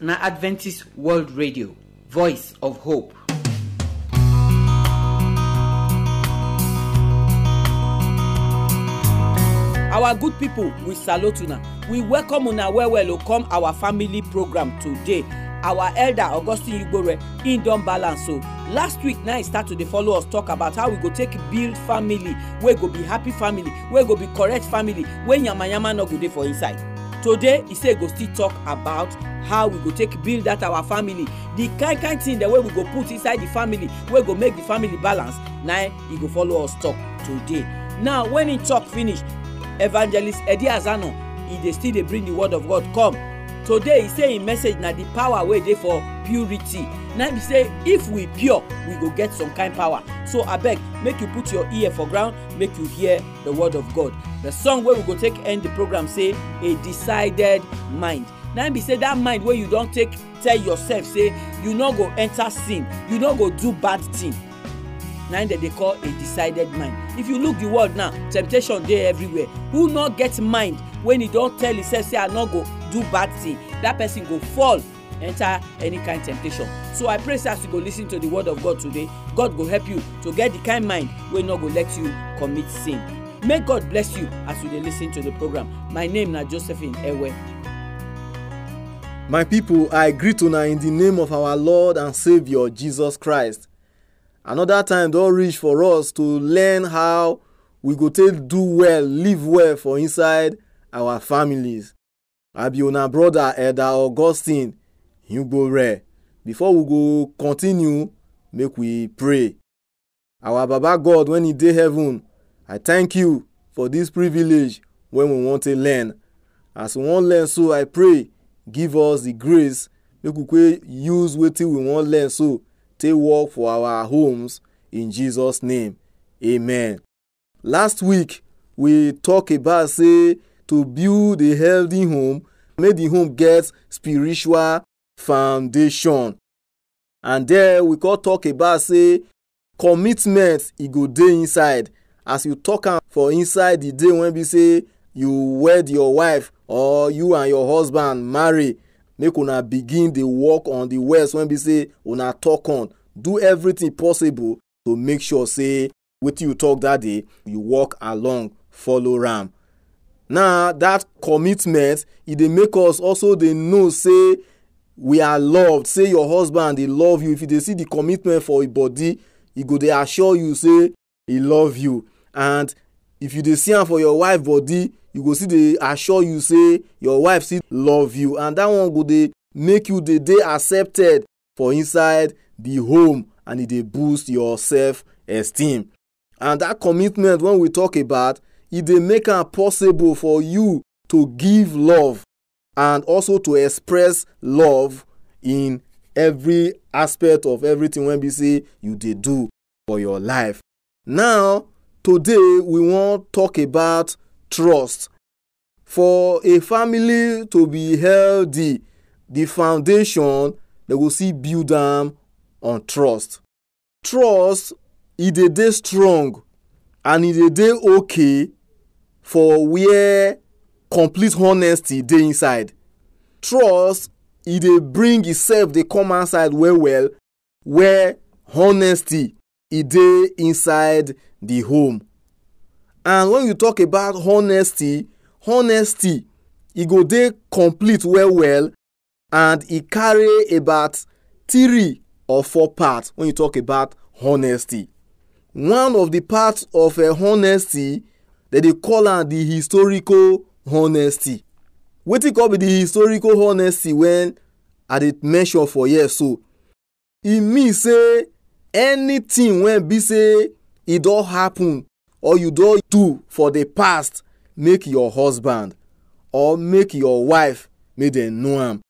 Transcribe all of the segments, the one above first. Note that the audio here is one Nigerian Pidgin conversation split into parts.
na adventist world radio voice of hope our good people we salute una we welcome una well well o oh, come our family program today our elder augustine igbore him don balance o oh. last week na he start to dey follow us talk about how we go take build family wey go be happy family wey go be correct family wey yamayama no go dey for inside today he say go still talk about how we go take build that our family the kind kind thing dem wey we go put inside the family wey go make the family balance na e, he go follow us talk today now when he talk finish evangelist eddie azano e dey still dey bring the word of god come today he say im message na the power wey dey for purity na be say if we pure we go get some kind power so abeg make you put your ear for ground make you hear the word of god the song wey we go take end the program say a decided mind na be say that mind wey you don take tell yourself say you no go enter sin you no go do bad thing na dem dey call a decided mind if you look the world now temptation dey everywhere who no get mind when e don tell himself say i no go do bad thing that person go fall enter any kind temptation so i pray say as you go lis ten to the word of god today god go help you to get the kind mind wey no go let you commit sin may god bless you as you dey lis ten to the program my name na josephine ewe. my people i greet una in the name of our lord and saviour jesus christ another time don reach for us to learn how we go take do well live well for inside our families i be una brother elder augustine You go rare before we go continue make we pray our baba god when He dey heaven i thank you for this privilege When we wan take learn as we wan learn so i pray give us the grace make we quick use wetin we wan learn so take work for our homes in jesus name amen last week we talk about say to build a healthy home make the home get spiritual foundation and there we come talk about say commitment e go dey inside as you talk am for inside the day when be say you wed your wife or you and your husband marry make una begin dey work on the west when be say una talk on do everything possible to make sure say wetin you talk that day you work along follow am now that commitment e dey make us also dey know say we are loved say your husband dey love you if you dey see the commitment for your body e go dey assure you say e love you and if you dey see am for your wife body you go still dey assure you say your wife still love you and that one go dey make you dey dey accepted for inside the home and e dey boost your self esteem and that commitment wey we talk about e dey make am possible for you to give love and also to express love in every aspect of everything wey be say you dey do for your life. Now, today we wan talk about trust. For a family to be healthy, the foundation dem go see build am on trust. Trust e dey dey strong and e dey dey okay for where complete honesty dey inside trust e dey bring itself dey come outside well well where honesty e dey inside the home and when you talk about honesty honesty e go dey complete well well and e carry about three or four parts when you talk about honesty one of the parts of uh, honesty dem dey call am the historical honesty wetin come be the historical honesty when i dey mention for here so e mean say anything wey be say e don happen or you don do for the past make your husband or make your wife make dem know am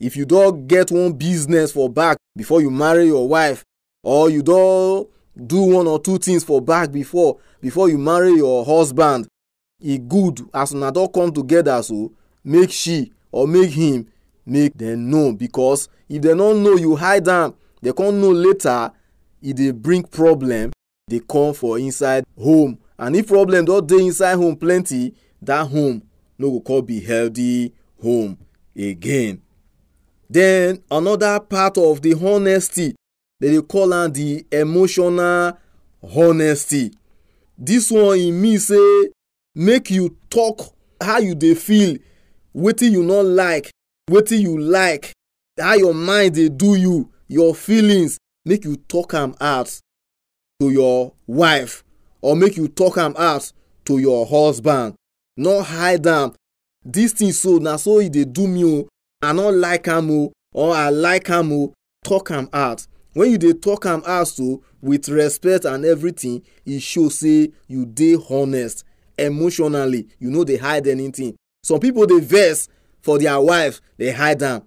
if you don get one business for back before you marry your wife or you don do one or two things for back before before you marry your husband e good as una don come together so make she or make him make dem know because if dem no know you hide am dem come know later e dey bring problem dey come for inside home and if problem don dey inside home plenty that home no go come be healthy home again. then another part of the honesty dem dey call am the emotional honesty this one e mean say make you talk how you dey feel wetin you no like wetin you like how your mind dey do you your feelings make you talk am out to your wife or make you talk am out to your husband no hide am this thing so na so e dey do me o i no like am o or i like am o talk am out when you dey talk am out so with respect and everything e show say you dey honest emotionally you no dey hide anything some people dey vex for their wife dey hide am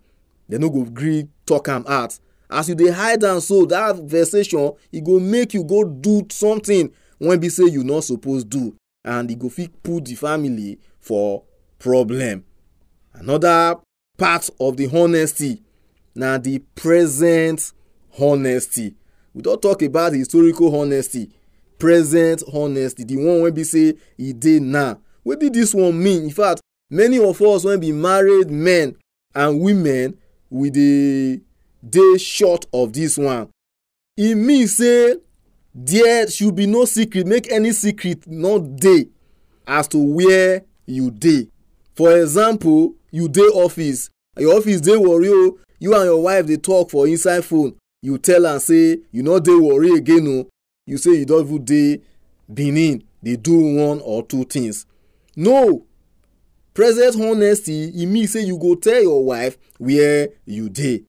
dem no go gree talk am out as you dey hide am so that vexation e go make you go do something wey be say you no suppose do and e go fit put the family for problem another part of the honesty na the present honesty we don talk about historical honesty present honesty the one wey be say e dey now wetin this one mean in fact many of us wey be married men and women we dey dey short of this one e mean say there should be no secret make any secret no dey as to where you dey for example you dey office your office dey worry o you and your wife dey talk for inside phone you tell am say you no dey worry again o you say you don even dey benin dey do one or two things no present honesty e mean say you go tell your wife where you dey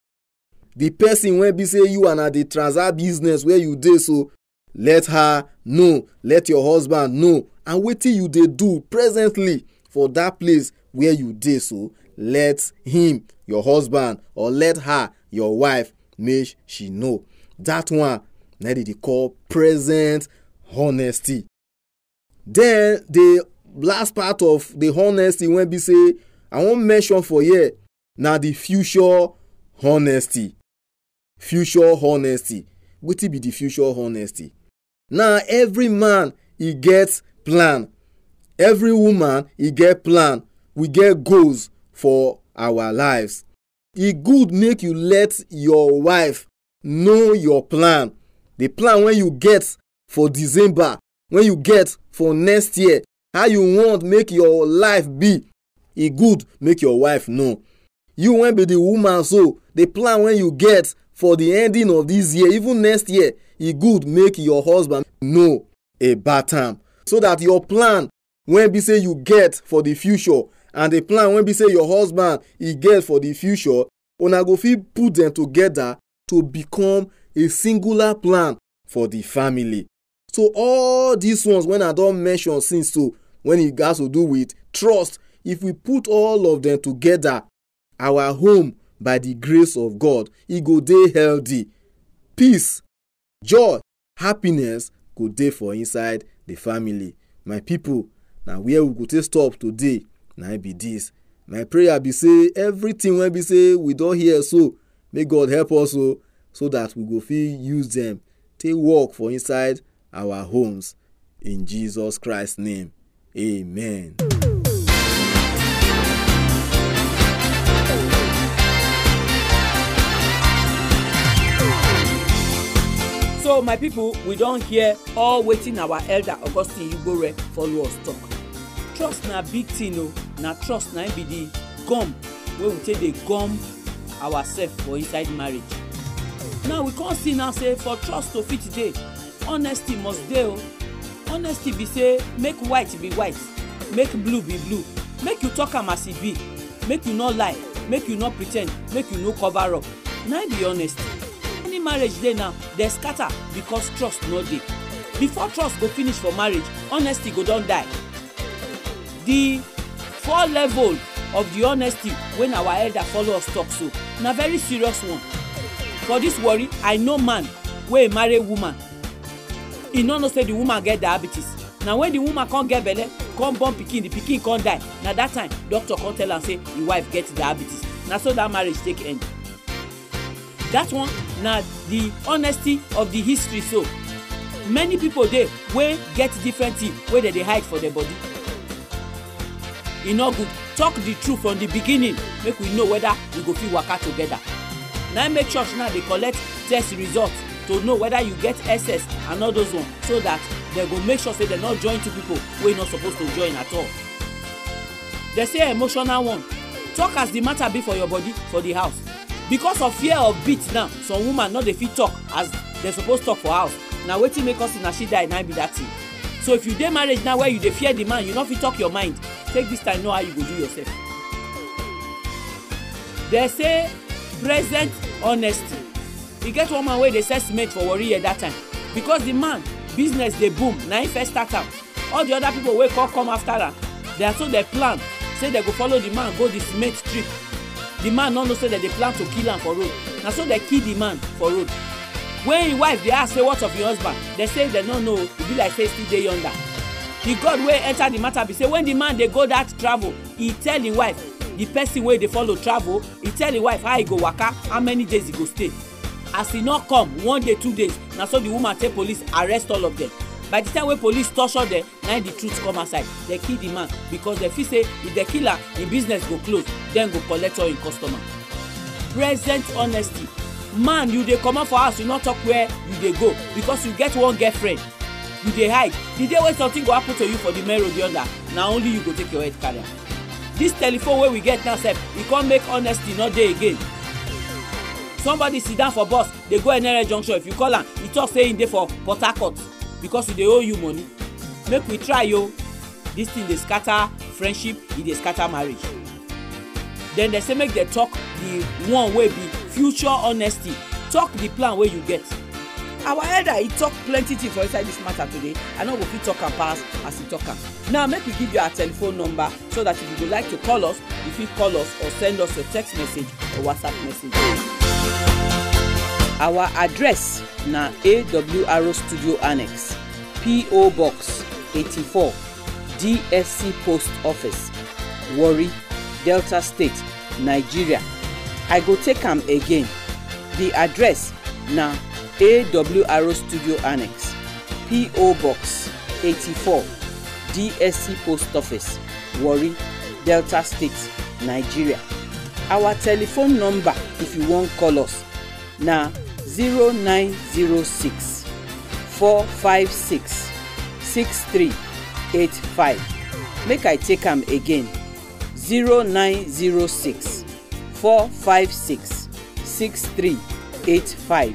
the person wey be say you and her dey transact business where you dey so let her know let your husband know and wetin you dey do presently for that place where you dey so let him your husband or let her your wife make she know that one Now they call present honesty. Then the last part of the honesty when be say I won't mention for here now the future honesty. Future honesty. What be the future honesty? Now every man he gets plan. Every woman he get plan. We get goals for our lives. E good make you let your wife know your plan the plan wey you get for december wey you get for next year how you want make your life be e good make your wife know you wen be the woman so the plan wey you get for the ending of this year even next year e good make your husband know about am so that your plan wey be say you get for the future and the plan wey be say your husband e get for the future una go fit put dem together to become a singular plan for the family so all these ones when i don mention since so when e gas to do with trust if we put all of them together our home by the grace of god e go dey healthy peace joy happiness go dey for inside the family my people na where we go take stop today na e be this my prayer be say everything wey be say we don hear so may god help us o oh so that we go fit use them, take work for inside our homes in jesus christ name amen. so my people we don hear all wetin our elder augustine igbore follow us talk trust na big thing o na trust na be the gum wey we take dey gum ourself for inside marriage now we come see now say for trust to fit dey honesty must dey o oh. honesty be say make white be white make blue be blue make you talk am as e be make you no lie make you no pre ten d make you no cover up na be honest. any marriage dey now dey scatter because trust no dey before trust go finish for marriage honesty go don die the four level of the honesty wey our elder follow us talk so na very serious one for this worry i know man wey marry woman e no know say the woman get diabetes na when the woman come get belle come born pikin the pikin come die na that time doctor come tell am say the wife get diabetes na so that marriage take end that one na the honesty of the history so many people dey wey get different thing wey dem dey hide for their body e no good talk the truth from the beginning make we know whether we go fit waka together na make church now dey collect test result to know whether you get ss and all those ones so that dem go make sure say dem no join two people wey no suppose to join at all dem say emotional one talk as the matter be for your body for the house because of fear of beat now some woman no dey fit talk as dem suppose talk for house na wetin make us na she die na be that thing so if you dey marriage now where you dey fear the man you no fit talk your mind take this time know how you go do yourself. dem say present honesty e get one man wey dey sell cement for warri here dat time because the man business dey boom na him first start am all the other people wey come come after am na so dey plan say dey go follow the man go the cement trip. the man no know say dem dey plan to kill am for road na so dem kill the man for road when im wife dey ask say what of im husband dem say dem no know e be like say e still dey yonder the god wey enter the matter be say when the man dey go that travel e tell im wife the person wey dey follow travel e tell im wife how e go waka how many days e go stay as e no come one day two days na so the woman tell police arrest all of them by the time wey police torture them na the truth come outside they kill the man because they feel say if they kill am im business go close dem go collect all im customer present honesty man you dey comot for house you no talk where you dey go because you get one girlfriend you dey hide the day wey something go happen to you for the main road yonder na only you go take your head carry am This telephone wey we get now sef e come make honesty no dey again somebody sit down for bus dey go enere junction if you call am e talk say im e dey for port harcourt because we dey owe you money make we try o This thing dey scatter friendship e dey scatter marriage dem dey say make dem talk the one wey be future honesty talk the plan wey you get our elder he talk plenty thing for inside this matter today i no go fit talk am pass as he talk am now make we give you our telephone number so that if you go like to call us you fit call us or send us a text message or whatsapp message. our address na AWR studio annex po box eighty-four dsc post office warri delta state nigeria i go take am again the address na AWRO studio annex po box 84 dsc post office warri delta state nigeria our telephone number if you wan call us na three eight five. make i take am again Zero zero nine six six six four five three eight five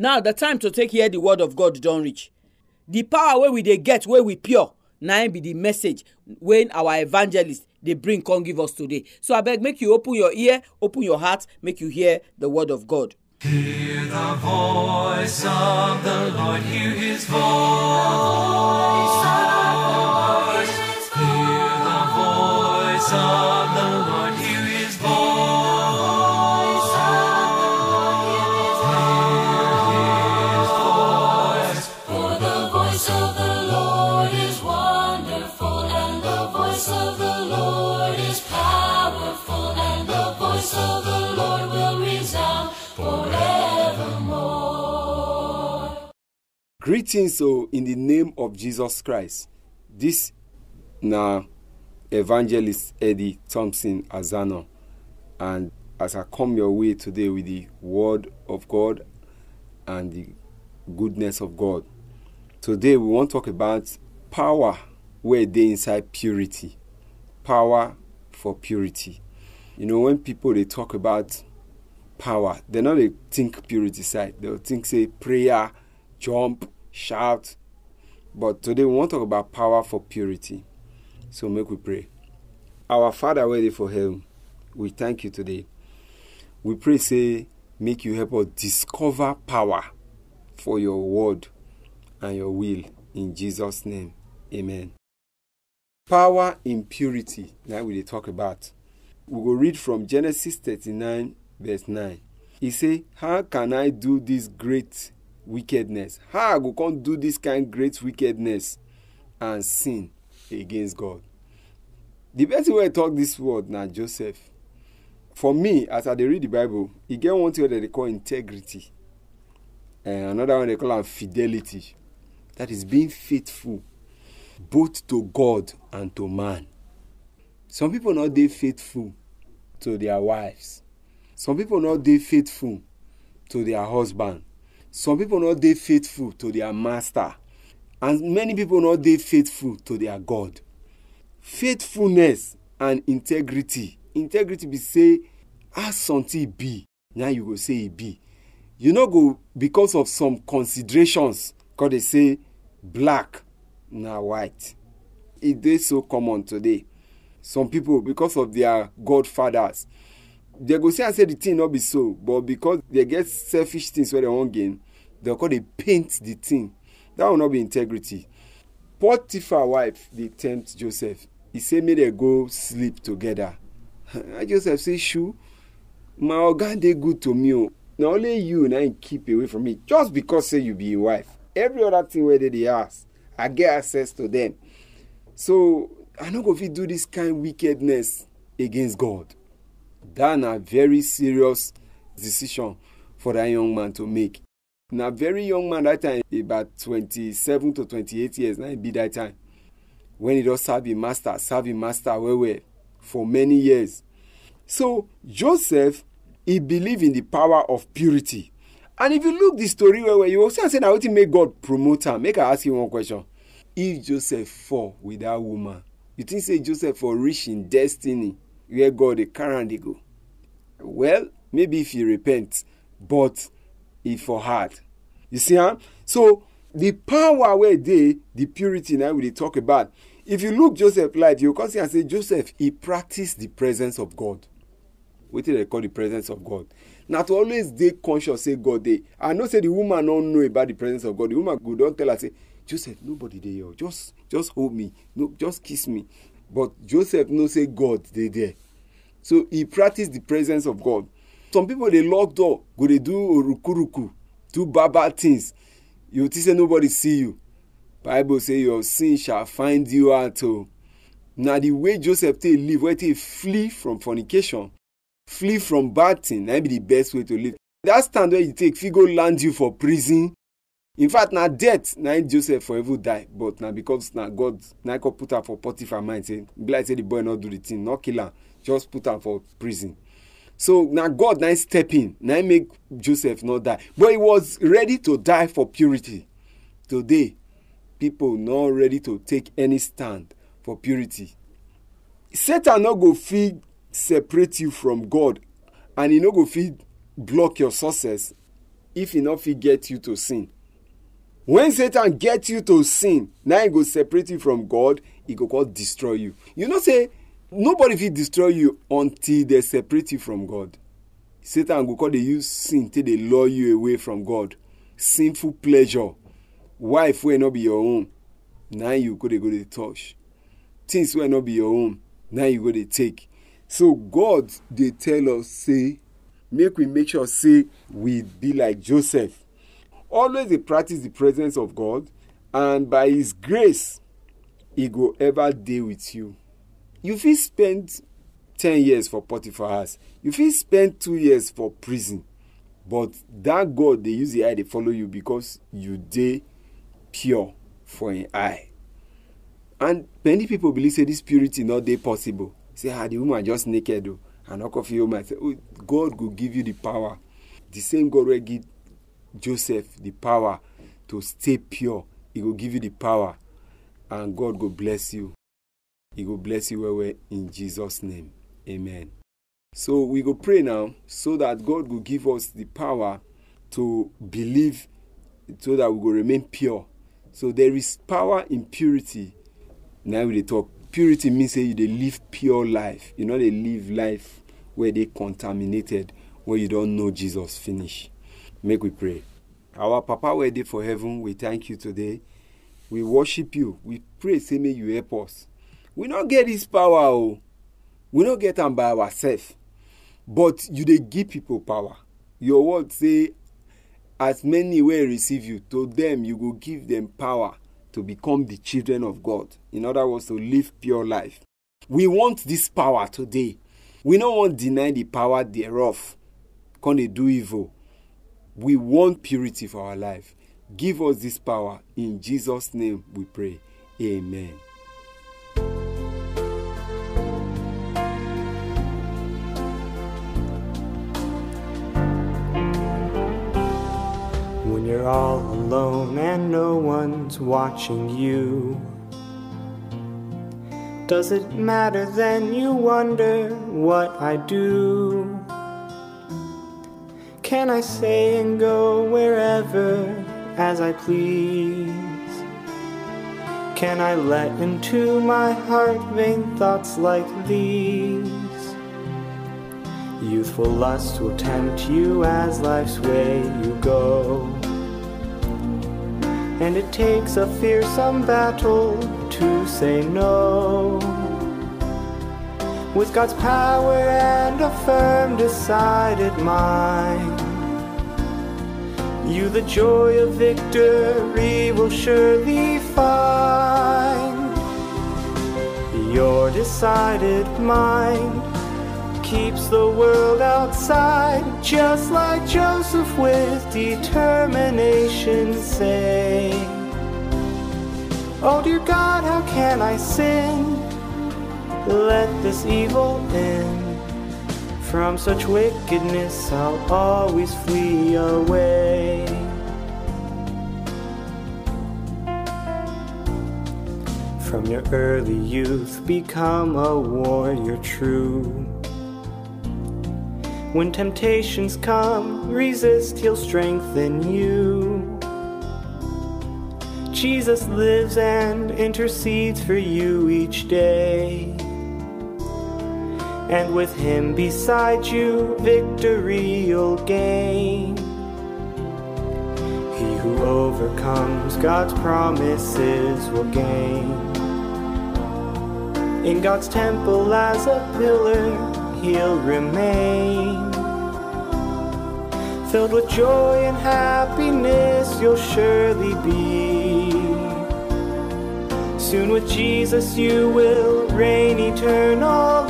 now the time to take hear the word of god Don't reach the power where we they get where we pure Now be the message when our evangelist they bring come give us today so I beg make you open your ear open your heart make you hear the word of god. Hear the voice of the Lord, hear his voice. Hear the voice of Greetings so oh, in the name of Jesus Christ. This now evangelist Eddie Thompson Azano and as I come your way today with the word of God and the goodness of God. Today we want to talk about power where they inside purity. Power for purity. You know when people they talk about power, they not they think purity side. They'll think say prayer jump, shout. But today we want to talk about power for purity. So make we pray. Our Father, ready for Him, we thank you today. We pray, say, make you help us discover power for your word and your will. In Jesus' name, amen. Power in purity, that we talk about. We will read from Genesis 39, verse 9. He said, How can I do this great wickedness how i go come do this kind great wickedness and sin against god the person wey talk this word na joseph for me as i dey read the bible e get one thing wey dem dey call integrity and eh, another one dey call am fidelity that is being faithful both to god and to man some people no dey faithful to their wives some people no dey faithful to their husband some people no dey faithful to their master and many people no dey faithful to their god faithfulness and integrity integrity be say as something e be na you go say e be you no go because of some considerations come dey say black na white e dey so common today some people because of their godfathers they go see am say the thing no be so but because they get selfish things wey they wan gain they go dey paint the thing that one no be integrity potiphar wife dey tempt joseph he say make they go sleep together and joseph say shu my oga dey good to me o oh. na only you na him keep away from me just because say you be him wife every other thing wey dey the ask, i get access to them so i no go fit do this kind wickedness against god that na very serious decision for that young man to make na very young man that time about twenty-seven to twenty-eight years na him e be that time when he don serve him master serve him master well well for many years so joseph he believe in the power of purity and if you look the story well well you go see am say na wetin make god promote am make i ask you one question if joseph fall with that woman you think say joseph for reach him destiny where God they carry and go. Well, maybe if he repent, but if for hard. You see, huh? So the power where they, the purity now we talk about. If you look Joseph life, you can see and say Joseph, he practiced the presence of God. What do they call the presence of God? Now to always they conscious say God they. I know say the woman don't know about the presence of God. The woman go don't tell her say Joseph, nobody there. Just just hold me. No, just kiss me but joseph know say god dey there so he practice the presence of god some people dey lock door go dey do orukuruku do bad bad things you think say nobody see you bible say your sin shall find you out o oh. na the way joseph take live wey take flee from fornication flee from bad thing na be the best way to live that stand wey you take fit go land you for prison in fact na death na im joseph for even die but na because na god na God put am for potiphar mind say be like say the boy no do the thing no kill am just put am for prison so na god na step in na make joseph no die but he was ready to die for purity today people no ready to take any stand for purity satan no go fit separate you from god and he no go fit block your success if he no fit get you to sin when satan get you to sin na him go separate you from god he go come destroy you you know say nobody fit destroy you until they separate you from god satan go come dey use sin take dey lure you away from god sinful pleasure wife wey no be your own na you go dey go dey touch things wey no be your own na you go dey take so god dey tell us say make we make sure say we be like joseph always dey practice the presence of god and by his grace He go ever dey with you you fit spend ten years for potiphar house you fit spend two years for prison but that god dey use the eye dey follow you because you dey pure for him eye and many people believe say this purity no dey possible say ah the woman just naked o and okofi o my god go give you the power the same god wey give joseph the power to stay pure he will give you the power and god will bless you he will bless you well well in jesus name amen so we go pray now so that god will give us the power to believe so that we go remain pure so there is power in purity now we talk purity means they you live pure life you know, they live life where they contaminated where you don't know jesus finish Make we pray. Our Papa were there for heaven. We thank you today. We worship you. We pray, say, may you help us. We not get this power, oh. we not get them by ourselves. But you they give people power. Your word say, as many will receive you, to them you will give them power to become the children of God. In other words, to live pure life. We want this power today. We don't want deny the power thereof. Can they do evil? We want purity for our life. Give us this power. In Jesus' name we pray. Amen. When you're all alone and no one's watching you, does it matter then? You wonder what I do can I say and go wherever as I please? Can I let into my heart vain thoughts like these? Youthful lust will tempt you as life's way you go. And it takes a fearsome battle to say no. With God's power and a firm, decided mind, you the joy of victory will surely find. Your decided mind keeps the world outside, just like Joseph with determination Say, Oh dear God, how can I sin? Let this evil end. From such wickedness I'll always flee away. From your early youth, become a warrior true. When temptations come, resist, he'll strengthen you. Jesus lives and intercedes for you each day and with Him beside you, victory you'll gain. He who overcomes God's promises will gain. In God's temple as a pillar, he'll remain. Filled with joy and happiness, you'll surely be. Soon with Jesus, you will reign eternal.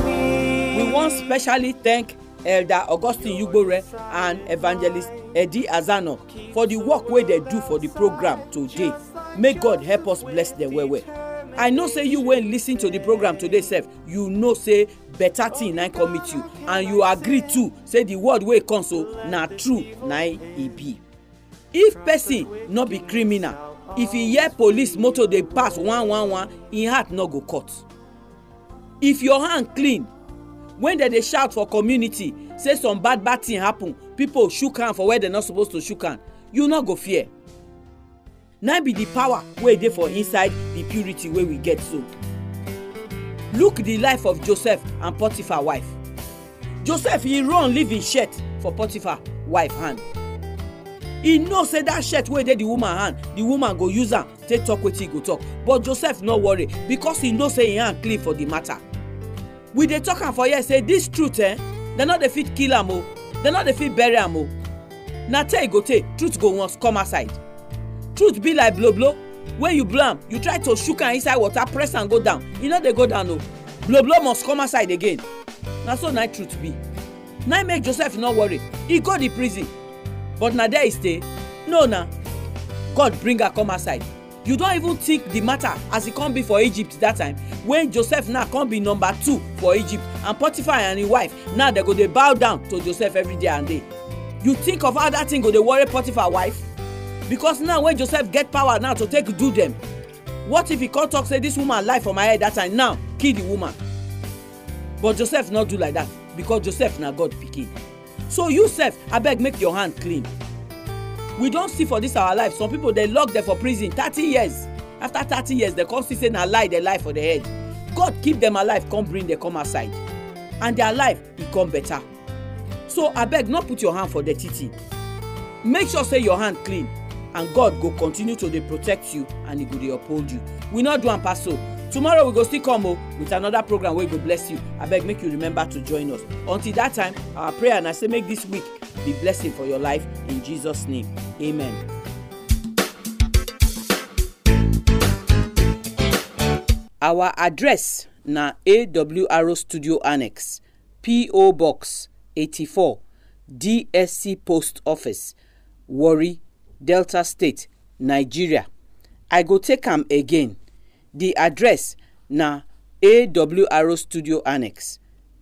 want specially thank elder augustine yugbore and evangelist eddie azano for the work wey dem do for the program today may god help us bless them well well i know say you wey lis ten to the program today sef you know say better thing na come meet you and you agree too say the word wey come so na true na e be if person no be criminal if e hear police motor dey pass one one one im e heart no go cut if your hand clean when dem dey shout for community say some bad bad thing happen people shook hand for where dem no suppose to shook hand you no go fear na be the power wey dey for inside the purity wey we get so look the life of joseph and potiphar wife joseph he run leave him shirt for potiphar wife hand he know say that shirt wey dey the woman hand the woman go use am take talk wetin he go talk but joseph no worry because he know say him hand clean for the matter we dey talk am for here say this truth eh dem no dey fit kill am o dem no dey fit bury am o na tey e go tey truth go once come outside truth be like blow blow when you blow am you try to shook am inside water press am go down e no dey go down o blow blow must come outside again na so na truth be na make joseph no worry e go the prison but na there e stay no na god bring her come outside you don even think the matter as e come be for egypt that time when joseph now come be number two for egypt and potiphar and him wife now dem go dey bow down to joseph every day and day you think of how that thing go dey worry potiphar wife because now when joseph get power now to take do them what if he come talk say this woman lie for my head that time now kill the woman but joseph no do like that because joseph na god pikin so you sef abeg make your hand clean we don see for this our life some people dey lock them for prison thirty years after thirty years dem come see say na lie dey lie for their head god keep them alive come bring them, come outside and their life e come better so abeg no put your hand for dirty thing make sure say your hand clean and god go continue to dey protect you and he go dey uphold you we no do am pass so tomorrow we go still come o oh, with another program wey go bless you abeg make you remember to join us until that time our prayer na say make this week be blessing for your life in jesus name amen. our address na awro studio annex po box eighty-four dsc post office warri delta state nigeria i go take am again The address na awr studio annex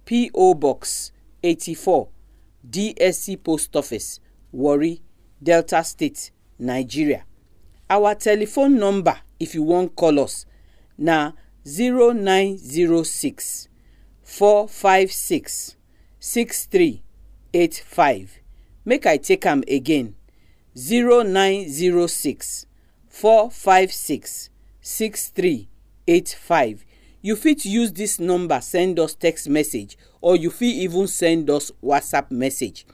p.o box 84 dsc post office warri delta state nigeria our telephone number if you wan call us na zero zero nine six six six four five three eight five. make i take am again Zero zero nine six four 0906 456 6385. You fit use this number send us text message or you fit even send us WhatsApp message.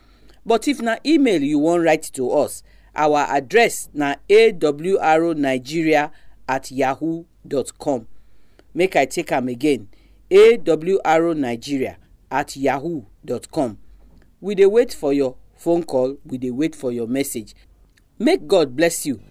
But if na email you wan write to us, our address na awronigeria at yahoo dot com. Make I take am again awronigeria at yahoo dot com. We dey wait for your phone call, we dey wait for your message. Make God bless you.